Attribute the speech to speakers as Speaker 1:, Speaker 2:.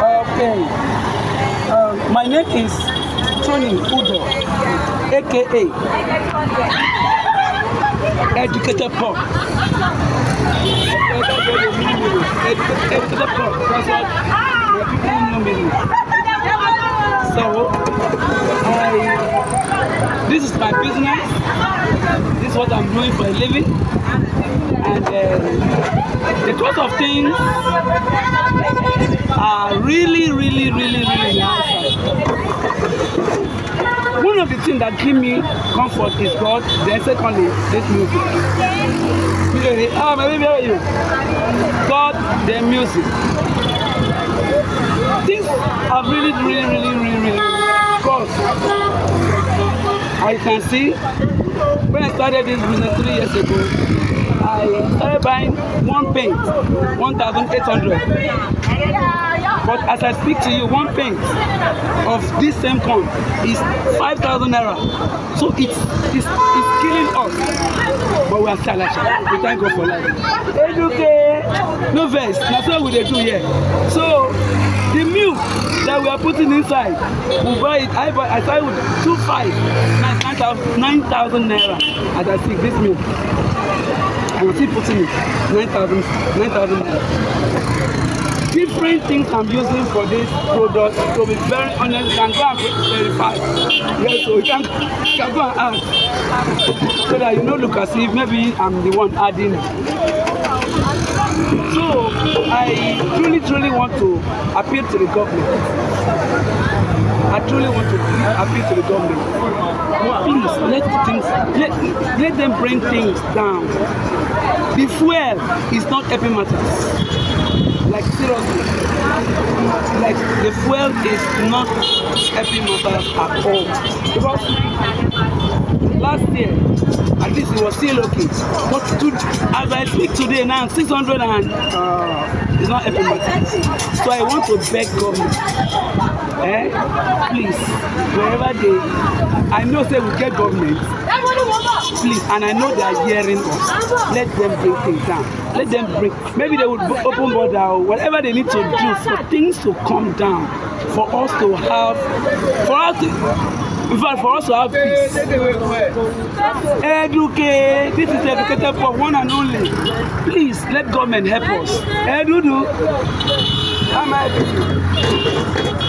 Speaker 1: Okay. Um, my name is Tony Udo, aka Educator Pop. Educator Pop. That's what So I, this is my business. This is what I'm doing for a living, and. Uh, because of things are really, really, really, really nice. One of the things that give me comfort is God. Then secondly, this music. Ah, my baby, how are you? God, the music. Things are really, really, really, really, really. God. I can see when I started this business three years ago. I started buying one paint, 1,800. But as I speak to you, one paint of this same corn is 5,000 naira. So it's, it's, it's killing us. But we are still alive. We thank God for life. okay. no vex. That's what we dey do here. So the milk that we are putting inside, we buy it. I buy, I buy with two five, nine thousand naira. As I speak, this milk and we still putting it 9,000 9,000 naira. Different things I'm using for this product, to be very honest, you can go and verify. Yes, so you can, you can go and ask. So that you know, look as if maybe I'm the one adding So I truly, truly want to appeal to the government. I truly want to appeal to the government. Please let things let let them bring things down. The fuel is not helping matters. Like seriously, like the fuel is not helping matters at all. Because last year, at least it was still okay. But today as I speak today now, 600 and uh, it's not helping matter. So I want to beg government, eh? Please, wherever they, I know say we get government, please, and I know they are hearing us. Let them bring things down. Let them bring, maybe they would open border or whatever they need to do for things to come down, for us to have, for us to, in fact, for us to have peace. Educate. This is dedicated for one and only. Please let government help us. Hey, eh, Dudu, how am I?